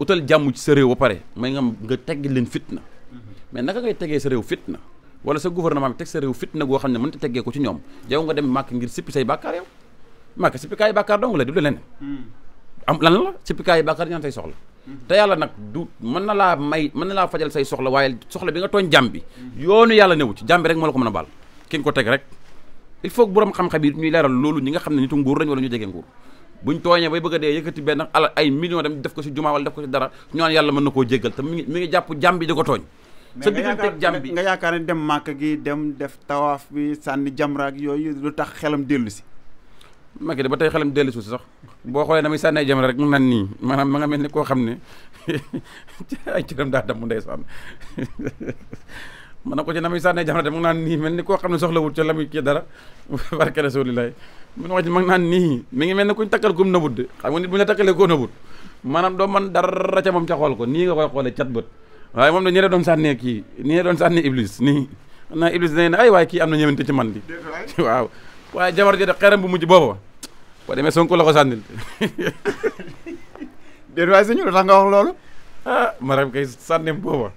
utal jàmm ci sa réew ba pare mooy nga nga tegg leen fitt na mais naka ngay tegee sa réew na wala sa gouvernement bi teg sa réew fitna goo xam ne mënut teggee ko ci ñoom yow nga dem màkk ngir sippi say bàkkaar yow màkk sippikaayu bàkkaar dong la du leneen hmm. am lan la sippikaayu bàkkaar ñaan say te yàlla nag du mën na laa may mën na laa fajal say soxla waaye soxla bi nga tooñ jàmm bi yoonu yàlla newu ci jàmm rek moo la ko mën a baal ki ko teg rek il faut que borom xam-xam yi ñuy leeral loolu ñi nga xam ne nitu nguur lañ wala ñu jege nguur buñ tooñee bay bëgg a dee yëkkati benn alal ay millions dem def ko ci jumaa wala def ko ci dara ñu naan yàlla mën na koo jéggal te mi ngi mi ngi jàpp jàmm bi di ko tooñ sa diggante jàmm bi nga yaakaar ne dem màkk gi dem def tawaaf bi sànni jamraak yooyu lu tax xelam dellu si Macky de ba tey xelam dellu si sax boo xoolee na muy sànni ay jamono rek mu nan nii maanaam ma nga mel ni koo xam ne ay cëram daa damm ndeysaan mën na ko ci na muy sànni ay jamono de mu naan nii ni koo xam ne soxlawul ca la kii dara barke rasulilaay mu ne ko ci mag naan nii mi ngi mel ne kuñ takkal kum nëbut de xam nga nit bu ñu la takkalee koo nëbut maanaam doo man dara ca moom ca xool ko nii nga koy xoolee cat bët waaye moom da ñi ne doon sànnee kii ñi la doon sànnee iblis nii na iblis dinañ ne ay waaye kii am na ñëwante ci man di waaw waaye jabar ji de xeram bu mujj boobo boo demee Sonko la ko sànnil. déet waaye sëñ lu tax nga loolu. ah kay sànneem booba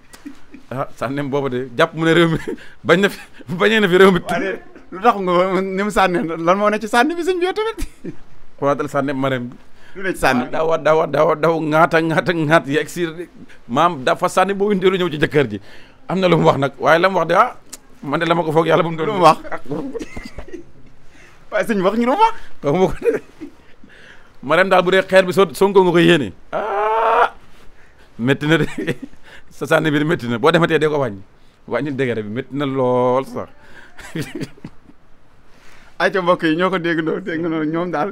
ah sànneem booba de jàpp mu ne réew mi bañ na fi bañee na fi réew mi. lu tax nga ni mu sànnee lan moo ne ci sànni bi sëñ bi tamit. xoolaatal sànneem maram bi. lu ne ci sànni daawa daawa daawa daw ŋaata ŋaata ŋaat yeeg si maam dafa sànni boo indee lu ñëw ci jëkkër ji am na lu mu wax nag waaye la mu wax de ah man de la ma ko foog yàlla bu mu doon wax. Ah, waaye sëñ wax ñu ne ko de Marème bu dee xeer bi soo Sonko nga ko yéene ah métti de sa sànni bi métti na boo dematee dee ko wàññi wàññi dégere bi métti na lool sax acca mbokk yi ñoo ko dégg ndoo dégg ñoom daal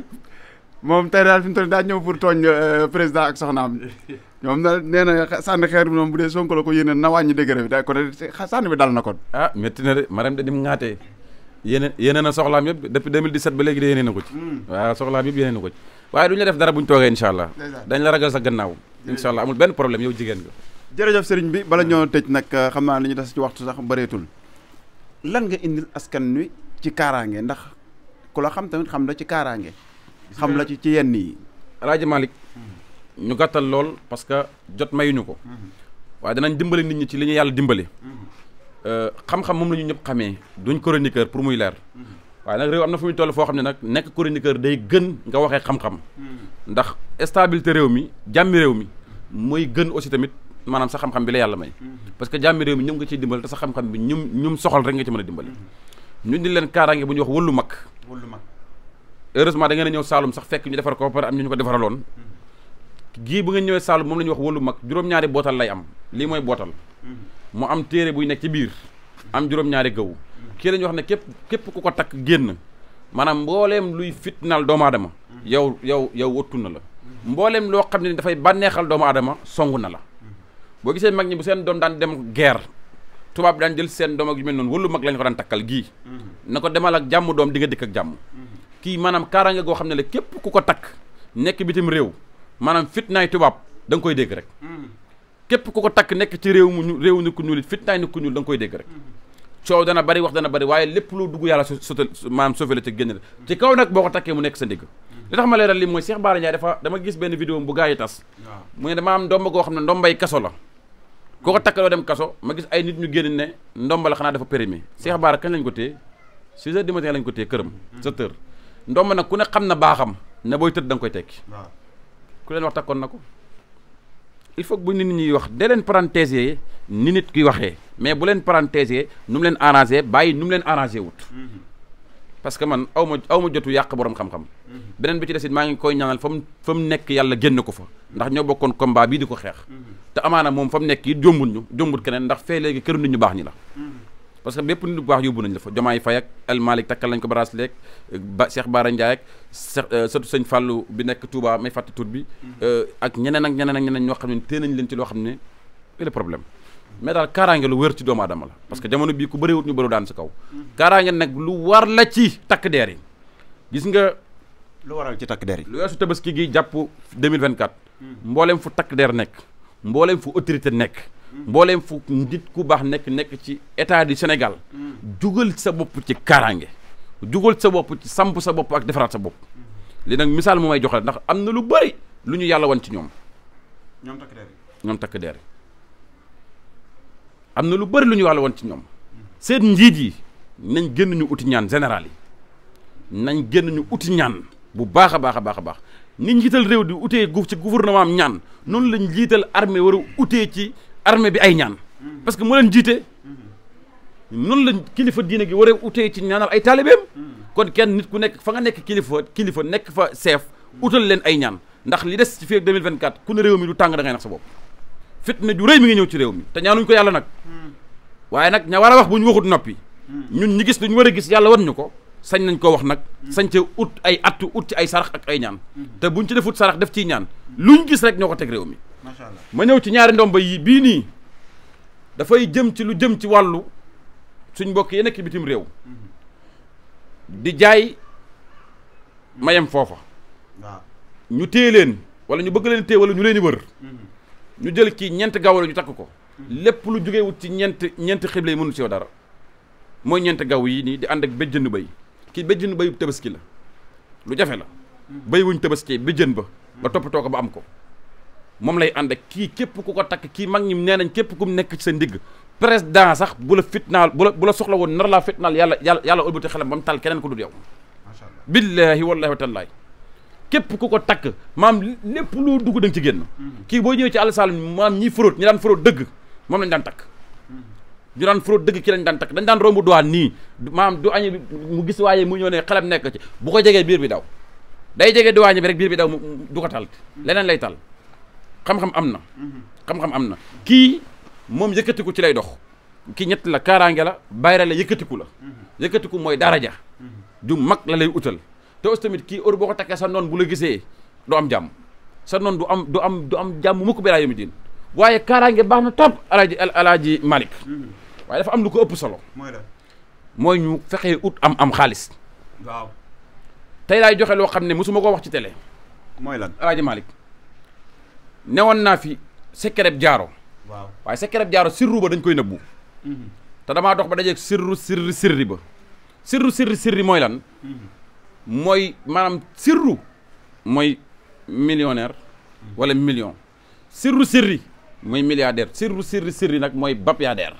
moom tey daal fi mu daa ñëw pour tooñ euh, président ak soxnaam ñoom daal nee na sànni xeer bi noom bu dee Sonko la ko yéene na wàññi dégere bi daa ko de sànni bi dal na kon ah métti na de Marème dim ŋaatee yeneen yeneen a soxlaam yëpp depuis 2017 ba léegi de yeneen ko ci hmm. waaw soxlaam yëpp yeneen ko ci waaye du ñu def dara buñ ñu toogee insha allah dañ la ragal sa gannaaw insha allah amul benn problème yow jigéen nga jërëjëf sëriñ bi bala ñoo tëj nag euh, xam naa li ñu des ci waxtu sax bëreetul lan nga indil askan wi ci kaaraange ndax ku la xam tamit xam na ci kaaraange xam la ci ci yenn yi rajo Malick hmm. ñu gàttal lool parce que jot mayuñu ko hmm. waaye danañ dimbali nit ñi ci li ñu yàlla dimbali Euh, xam-xam moom la ñu ñëpp xamee duñ chroniqueur pour muy leer mm-hmm. waaye nag réew am na fu muy toll foo xam ne nag nekk chroniqueur day gën nga waxee xam-xam mm-hmm. ndax stabilité réew mi jàmmi réew mi mooy gën aussi tamit maanaam sa xam-xam bi la yàlla may mm-hmm. parce que jàmmi réew mi ñoom nga ciy dimbal te sa xam-xam bi ñum ñu soxal rek nga ci mën a dimbali ñu di leen kaaraange bu ñu wax wëllu mag wëllu mag heureusement da ngeen ñëw Saalum sax fekk ñu defar ko ba pare am ñu ñu ko defaraloon gii bu ngeen ñëwee moom la ñuy wax wëllu mag juróom-ñaari bootal lay am lii mooy bootal mu am téere buy nekk ci biir am juróom-ñaari gawu kii la ñuy wax ne képp képp ku ko takk génn maanaam mbooleem luy fitnaal doomu aadama yow yow yow wottu na la mbooleem loo xam ne dafay bànneexal doomu aadama songu na la boo gisee mag ñi bu seen doom daan dem guerre tubaab daan jël seen doom ak mel noonu wëllu mag lañu ko daan takkal gii na ko demal ak jàmm doom di nga dikk ak jàmm kii maanaam kaaraange goo xam ne la képp ku ko takk nekk bitim réew maanaam fitnaay tubaab da koy dégg rek képp ku ko takk nekk ci réew mu réew ni ko ñuul it fitnaay ni ku ñuul da nga koy dégg rek mm-hmm. coow dana bari wax dana bari waaye lépp loo dugg yàlla sotal maam sauvé la ci génn la ci kaw nag boo ko takkee mu nekk sa ndigg mm-hmm. li ma li mooy Cheikh Bara Ndiaye dafa dama gis benn vidéo bu gaa yi tas mu ne dama am ndomba goo xam ne ndombay kaso la ku ko takkaloo dem kaso ma gis ay nit ñu génn ne ndomba la xanaa dafa mi mm-hmm. Cheikh baara kañ lañ ko téye six heures du matin lañ ko téye këram sept heures ndomba nag ku ne xam na baaxam ne booy tëdd da nga koy tekki ku leen wax takkoon na ko il faut que bu nit ñuy wax de leen parenthèse ni nit ki waxee mais bu leen parenthèse nu mu leen arrangé bàyyi nu mu leen arrangé wut. parce que man aw ma aw ma jotu yàq borom xam-xam. beneen bi ci des maa ngi koy ñaanal fa mu fa mu nekk yàlla génn ko fa. ndax ñoo bokkoon combat bii di ko xeex. te amaana moom fa mu nekk it jombul ñu jombul keneen ndax fee léegi kër nit ñu baax ñi la. parce que bépp nit bu yóbbu nañ la fa Jomaay Faye ak El Malick takkal lañ ko bracelet ak ba Cheikh Bara Ndiaye ak euh, sëtu sëñ Fallou bi nekk Touba may fàtte tur bi. Euh, ak ñeneen ak ñeneen ak ñeneen ñoo xam ne tee nañ leen ci loo xam ne le problème. mais daal kaaraange lu wër ci doomu adama la parce que jamono bii ku bëriwut ñu bëru daan sa kaw. kaaraange nag lu war la ci takk deer yi gis nga. lu waral ci takk deer yi. lu weesu tabaski gi jàpp 2024. mboolem fu takk deer nekk. mboolem fu autorité nekk. mbooleem fu nit ku baax nekk nekk ci état du Sénégal jugal sa bopp ci kaaraange jugal sa bopp ci samp sa bopp ak defaraat sa bopp li nag misaal mu may jox la ndax am na lu bëri lu ñu yàlla wan ci ñoom ñoom takk der am na lu bëri lu ñu yàlla wan ci ñoom seen njiit yi nañ génn ñu uti ñaan général yi nañ génn ñu uti ñaan bu baax a baax a baax a baax ni njiital réew di utee ci gouvernement am ñaan noonu lañ njiital armée war a ci armée bi ay ñaan parce que mu leen jiite noonu la kilifa diine gi war a utee ci ñaanal ay taalibeem kon kenn nit ku nekk fa nga nekk kilifa kilifa nekk fa chef utal leen ay ñaan ndax li des ci fii ak 2024 ku ne réew mi du tàng da ngay nax sa bopp fitna ju rëy mi ngi ñëw ci réew mi te ñaanuñ ko yàlla nag hmm. waaye nag ña war a wax bu ñu waxut noppi hmm. ñun ñu gis lu ñu war a gis yàlla wan ñu ko sañ nañ koo wax nag sañ ca ut ay attu ut ci ay sarax ak ay ñaan te buñ ci defut sarax def ciy ñaan lu ñu gis rek ñoo ko teg réew mi macha allah ma ñëw ci ñaari ndomba yi bii nii dafay jëm ci lu jëm ci wàllu suñ mbokk yi nekk bitim réew di jaay mayem foofa ñu téye leen wala ñu bëgg leen téye wala ñu leen i wër mm-hmm. ñu jël kii ñeent gaw la ñu takk ko mm-hmm. lépp lu jógewut ci ñeent ñent xible yi mënu si dara mooy ñeent gaw yi nii di ànd ak béjjënd bay kii béjjën béyu tabaski la lu jafe la béy wuñ tabaski béjjën ba nga toppatoo ko ba am ko moom lay ànd ak kii képp ku ko takk kii mag ñi nee nañ képp ku mu nekk ci sa ndigg président sax bu la fitnaal bu la bu la soxla woon nar laa fitnaal yàlla yàlla yàlla ëlbati xelam ba mu tal keneen ko dul yow billaahi wallaahi wa tallaay képp ku ko takk maam lépp loo dugg da nga ci génn mm-hmm. kii boo ñëwee ci àll saalim maam ñiy fóróot ñi daan fóróot dëgg moom lañ daan takk ñu daan fraude dëgg ci lañ daan takk dañ daan rombu duwaan nii maam du añi mu gis waaye mu ñëw ne xelam nekk ci bu ko jegee biir bi daw day jege duwaan bi rek biir bi daw du ko tal leneen lay tal xam-xam am na xam-xam am na kii moom yëkkatiku ci lay dox kii ñett la kaaraange la bayra la yëkkatiku la yëkkatiku mooy daraja ju mag la lay utal te aussi tamit kii heure boo ko takkee sa noon bu la gisee du am jàmm sa noon du am du am du am jàmm mukk bi laa yëmu diin waaye kaaraange baax na topp alaaji alaaji Malick hmm. waaye dafa am lu ko ëpp solo mooy ñu fexe ut am am xaalis waaw tey laay joxe loo xam ne mosuma ko wax ci télé mooy lan alaaji Malick newoon naa fi secret jaaro waaw waaye secret jaaro sirru ba dañ koy nëbbu hmm. te damaa dox ba dajeeg sirru sirri sirri ba sirru sirri sirri mooy lan hmm. mooy maanaam sirru mooy millionaire wala million sirru sirri muy milliardaire sirru sirri sirri nag mooy bap yaadeer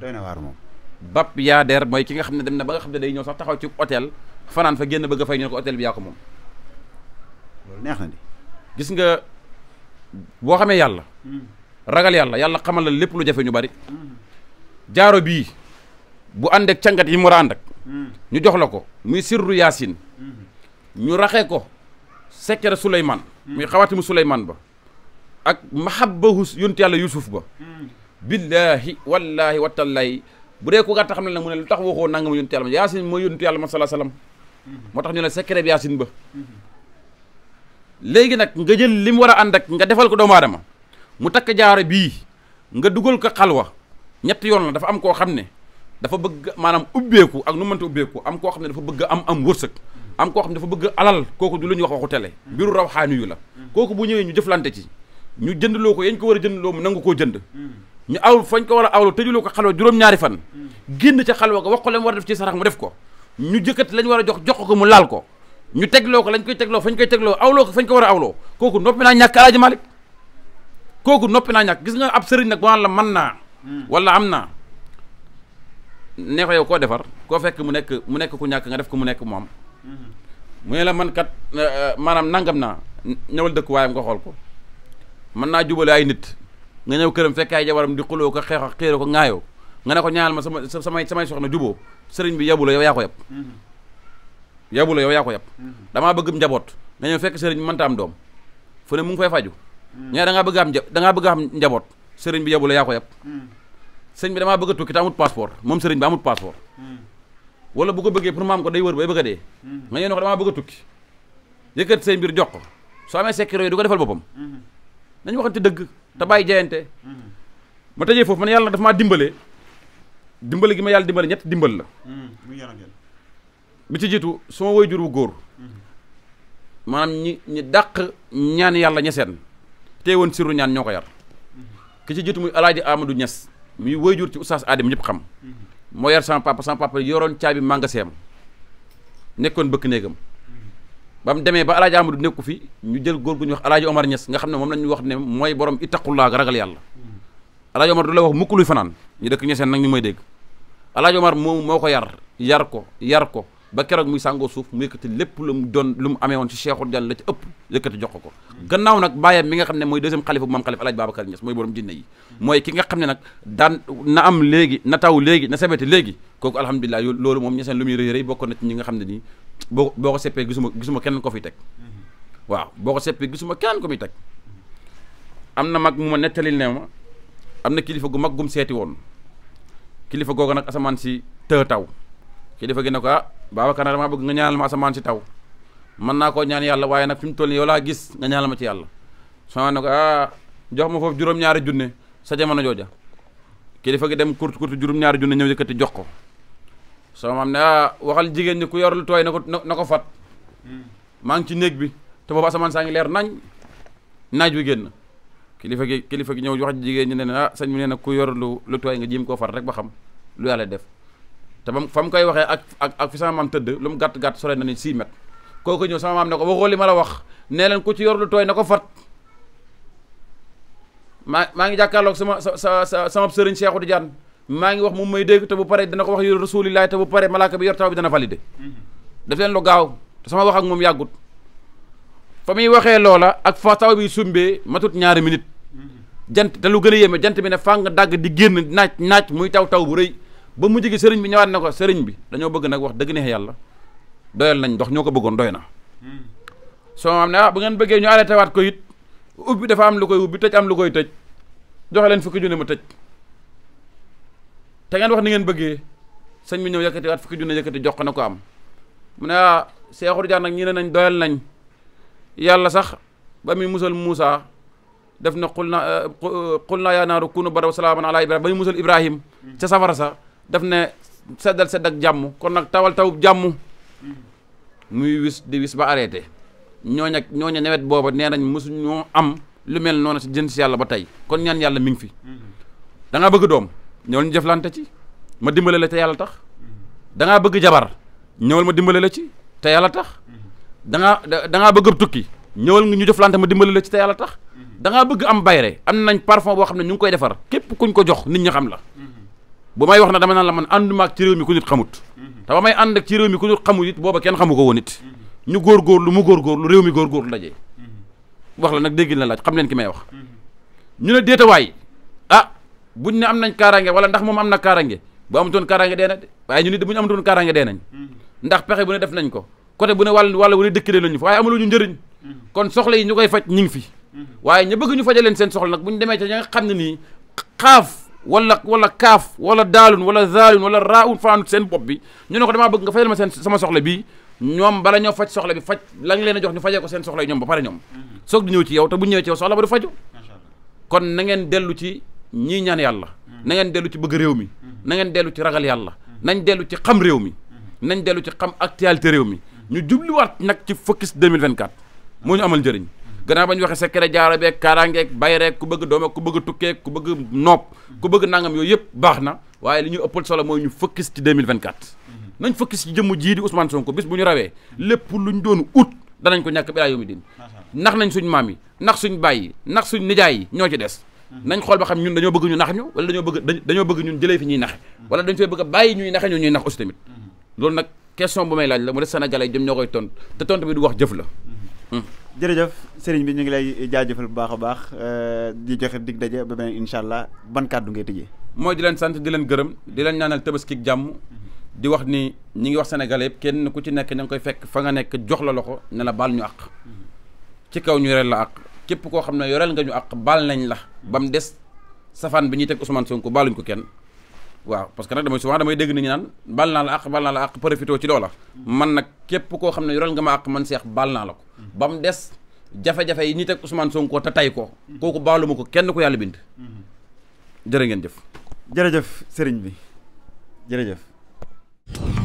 doy na waar moom bap yaadeer mooy ki nga xam ne dem na ba nga xam ne day ñëw sax taxaw ci hôtel fanaan fa génn bëgg fay ñu ne ko hôtel bi yaa ko moom neex gis nga boo xamee yàlla hmm. ragal yàlla yàlla xamal la lépp lu jafe ñu bari jaaro bii bu ànd ak cangat yi mu war ak hmm. ñu jox la ko muy sirru yaasin hmm. ñu raxee ko secret Souleymane muy xawaatimu Souleymane ba ak mahabbahu yonent yàlla yusuf ba hmm. billaahi wallaahi wattallaahi bu dee ku gàtt xam ne nag mu ne lu tax waxoo nangam yonent yàlla ma yaasin mooy yonent yàlla ma salaa hmm. moo tax ñu ne secret bi yaasin ba hmm. léegi nag nga jël li mu war a ànd ak nga defal ko doomu aadama mu takk jaaro bii nga dugal ko xalwa ñett yoon la dafa am koo xam ne dafa bëgg maanaam ubbeeku ak nu mënta ubbeeku am koo xam ne dafa bëgg am am wërsëg am koo xam ne dafa bëgg alal kooku du lu ñuy wax waxu tele mbiru raw xaani la kooku bu ñëwee ñu jëflante ci ñu jëndloo ko yañ ko war a jëndloo mu nangu koo jënd hmm. ñu aw fañ ko war a awloo tëjuloo ko xalwa juróom-ñaari fan hmm. génn ca xalwa ga wax ko la war a def ci sarax mu def ko ñu jëkkat lañu war a jox jox ko mu laal ko ñu tegloo ko lañ koy tegloo fañ koy tegloo awloo ko fañ ko war a awloo kooku noppi naa ñàkk alaaji Malik kooku noppi naa ñàkk gis nga ab sëriñ nag bu naan la mën naa hmm. wala am naa nee ko koo defar koo fekk mu nekk mu nekk ku ñàkk nga def ko mu nekk mu mu ne la man kat eh, eh, nangam naa ñëwal dëkk waayam nga xool ko mën naa jubale ay nit nga ñëw këram fekk ay jabaram di xuloo ko xeex ak xéeroo ko ŋaayoo nga ne ko ñaanal ma sama samay samay soxna juboo sëriñ bi yabu la yow yaa ko yab mm-hmm. la yow yaa ko mm-hmm. damaa bëgg njaboot nga fekk sëriñ bi am doom mu ngi fay faju ñaa mm-hmm. da bëgg am da ngaa bëgg a am njaboot sëriñ bi yabu la yaa ko yab sëriñ bi damaa bëgg a tukki te amut passeport moom sëriñ bi amut passeport wala bu ko bëggee pour ma am ko day wër bay bëgg a dee nga ñëw ne ko damaa bëgg a tukki yëkkat seen mbir jox ko soo amee secret yooyu du ko defal boppam nañu waxante dëgg te bàyyi jayante hmm. ma tëjee foofu man yàlla daf maa dimbale dimbale gi ma yàlla dimbale ñett dimbal la hmm. bi ci jiitu sama jur wu góor hmm. maanaam ñi ñi dàq ñaan yàlla ñeseen tey woon siru ñaan ñoo ko yar ki ci jiitu muy alaaji Amadou Niass muy waajur ci oustaz Adem ñëpp xam moo yar sama papa sama papa yoroon caabi màngaseem nekkoon bëkk néegam ba mu demee ba alaaji Amadou nekk ko fi ñu jël góor ñu ñuy wax alaaji Omar Niass nga xam ne moom la wax ne mooy borom ittaqullaa ragal yàlla alaaji Omar du la wax mukk luy fanaan ñu dëkk ñeseen nag ñu mooy dégg alaaji Omar moom moo ko yar yar ko yar ko ba keroog muy sàngoo suuf mu lépp lu mu doon lu mu amee woon ci Cheikhul Jaan la ci ëpp yëkkati jox ko ko gannaaw nag bàyyam mi nga xam ne mooy deuxième xalifa bu maam xalifa alaaji Babacar Niass mooy borom jinne yi mooy ki nga xam ne nag daan na am léegi na taw léegi na sebete léegi kooku alhamdulilah loolu moom ñeseen lu muy rëy rëy bokkoon na ci ñi nga xam ne nii boo boo ko seppee gisuma gisuma kenn ko fi teg waaw boo ko seppee gisuma kenn ko muy teg am na mag mu ma nettalil ne ma am na kilifa gu mag gum seeti woon kilifa googu nag asamaan si të taw kilifa gi ne ko ah Babacar nag damaa bëgg nga ñaanal ma asamaan si taw mën naa koo ñaan yàlla waaye nag fi mu toll nii yow laa gis nga ñaanal ma ci yàlla su ma ne ko ah jox ma foofu juróom-ñaari junne sa jamono jooja kilifa gi dem kurtu kurtu juróom-ñaari junne jox ko. sama maam ne ah, waxal jigéen ñi ku yor lu tooy na ko na ko fat hmm. maa ngi ci néeg bi te boobu asamaan saa ngi leer nañ naaj wi génn kilifa gi kilifa gi ñëw wax jigéen ñi ne ne ah sëñ bi nee na ku yor lu lu tooy nga jiim koo fat rek ba xam lu yàlla def te ba fa mu koy waxee ak ak ak fi sama maam tëdd lu mu gàtt gàtt sore na ni 6 mètres kooku ñëw sama maam ne ko waxoo li ma la wax nee leen ku ci yor lu tooy na ko fat maa maa ngi jàkkaarloog sama sa sa sa sama sëriñ Seexu Tijaan maa ngi wax moom may dégg te bu pare dana ko wax yu rasulillahi te bu pare malaaka bi yor taw bi dana validé mhm. daf leen lu gaaw te sama wax ak moom yàggut fa muy waxee loola ak fa taw bi sumbee matut ñaari minit mhm. jant te lu gën a yéeme jant bi ne fàng dagg di génn naaj naaj muy taw taw bu rëy ba mu gi sëriñ bi ñëwaat na ko sëriñ bi dañoo bëgg nag wax dëgg neex yàlla doyal nañ ndox ñoo ko bëggoon doy na mhm. soo am ne ah bu ngeen bëggee ñu arrêté waat ko ubbi dafa am lu koy ubbi tëj am lu koy tëj joxe leen fukki junne ma tëj te ngeen wax ni ngeen bëggee sëñ bi ñëw yëkkati waat fukki junne yëkkati jox na ko am mu ne ah Seexu Jaan nag ne nañ doyal nañ yàlla sax ba muy musal Muusa def na qul na eh, qul na yaa naaru kunu bardan wa salaaman alaa Ibrahima ba muy musal Ibrahim ca safara sax def ne seddal sedd ak jàmm kon nag tawal tawub jàmm muy wis di wis ba arrêté ñooñ ak ñooñu nawet booba nee nañ mosu ñoo am lu mel noonu si jën si yàlla ba tey kon ñaan yàlla mi ngi fi mm-hmm. da bëgg doom ñëwal ñu jëflante ci ma dimbale la te yàlla tax da bëgg jabar ñëwal ma dimbale la ci te yàlla tax da da ngaa bëgg ab tukki ñëwal ñu jëflante ma dimbale la ci te yàlla tax da ngaa bëgg am bayre am nañ parfum boo xam ne ñu ngi koy defar képp kuñ ko jox nit ñi xam la bu may wax na dama naan la man ànduma ak ci réew mi ku nit xamut te ba may ànd ak ci réew mi ku nit xamut it booba kenn xamu ko woon it ñu góor góor lu mu góorgóorlu réew mi góor la daje wax la nag dégg na laaj xam leen ki may wax ñu ne déetawaay ah buñ ne am nañ kaaraange wala ndax moom am na kaaraange bu amutoon kaaraange dee na de waaye ñu nit bu ñu amutoon kaaraange dee nañ mm-hmm. ndax pexe bu ne def nañ ko côté bu ne wàll wàll fa ñu njëriñ mm-hmm. kon yi ñu koy faj ñu ngi fi mm-hmm. waaye ña bëgg ñu faja leen seen soxla nag bu ñu demee ca ña nga xam ne nii xaaf wala wala kaaf wala daalun wala zaalun wala raaun faanut seen bopp bi ñu ko damaa bëgg nga fajal ma seen sama soxla bi ñoo faj soxla bi faj la nga a jox ñu fajee ko seen soxla yi ñoom ba pare ñoom soog di ñëw ci yow te bu ñëwee ci yow soxla ba du faju kon na dellu ci ñii ñaan yàlla na ngeen dellu ci bëgg réew mi na ngeen dellu ci ragal yàlla nañ dellu ci xam réew mi nañ dellu ci xam actualité réew mi ñu jubluwaat nag ci focus 2024 moo ñu amal njëriñ gannaaw ba ñu waxee secret jaara beeg kaaraangeeg bay rek ku bëgg doom ak ku bëgg tukkee ku bëgg nopp ku bëgg nangam yooyu yëpp baax na waaye li ñu ëppal solo mooy ñu focus ci 2024 nañ focus ci jëmm jii di Ousmane ko bis bu ñu rawee lépp luñ doon ut danañ ko ñàkk bi laa yomi din nax nañ suñ maam yi nax suñ baay yi nijaay yi ñoo ci des nañ xool ba xam ñun dañoo bëgg ñu nax ñu wala dañoo bëgg dañoo bëgg ñun jëlee fi ñuy naxe wala dañ fay bëgg a bàyyi ñuy naxe ñu ñuy nax aussi tamit loolu nag question bu may laaj la mu des sénégalais jëm ñoo koy tont te tont bi du wax jëf la jërëjëf sëriñ bi ñu ngi lay jaajëfal bu baax a baax euh, di joxe dig daje ba beneen incha allah ban kàddu ngay tëjee mooy di leen sant di leen gërëm di leen ñaanal tabaski jàmm di wax ni ñi ngi wax sénégalais yëpp kenn ku ci nekk ña ngi koy fekk fa nga nekk jox la loxo ne la baal ñu àq ci kaw ñu rel la àq képp koo xam ne yoreel nga ñu ak baal nañ la ba mu des safaan bi ñuy teg Ousmane Sonko baaluñ ko kenn waaw parce que nag damay souvent damay dégg nit ñi naan baal naa la àq baal naa la àq profité ci loola. man nag koo xam ne yoreel nga ma àq man seex baal la ko. ba mu des jafe-jafe yi ñu teg Ousmane Sonko te tay ko. kooku baaluma ko kenn ku yàlla bind. jërë ngeen jëf. jërëjëf sëriñ bi jërëjëf.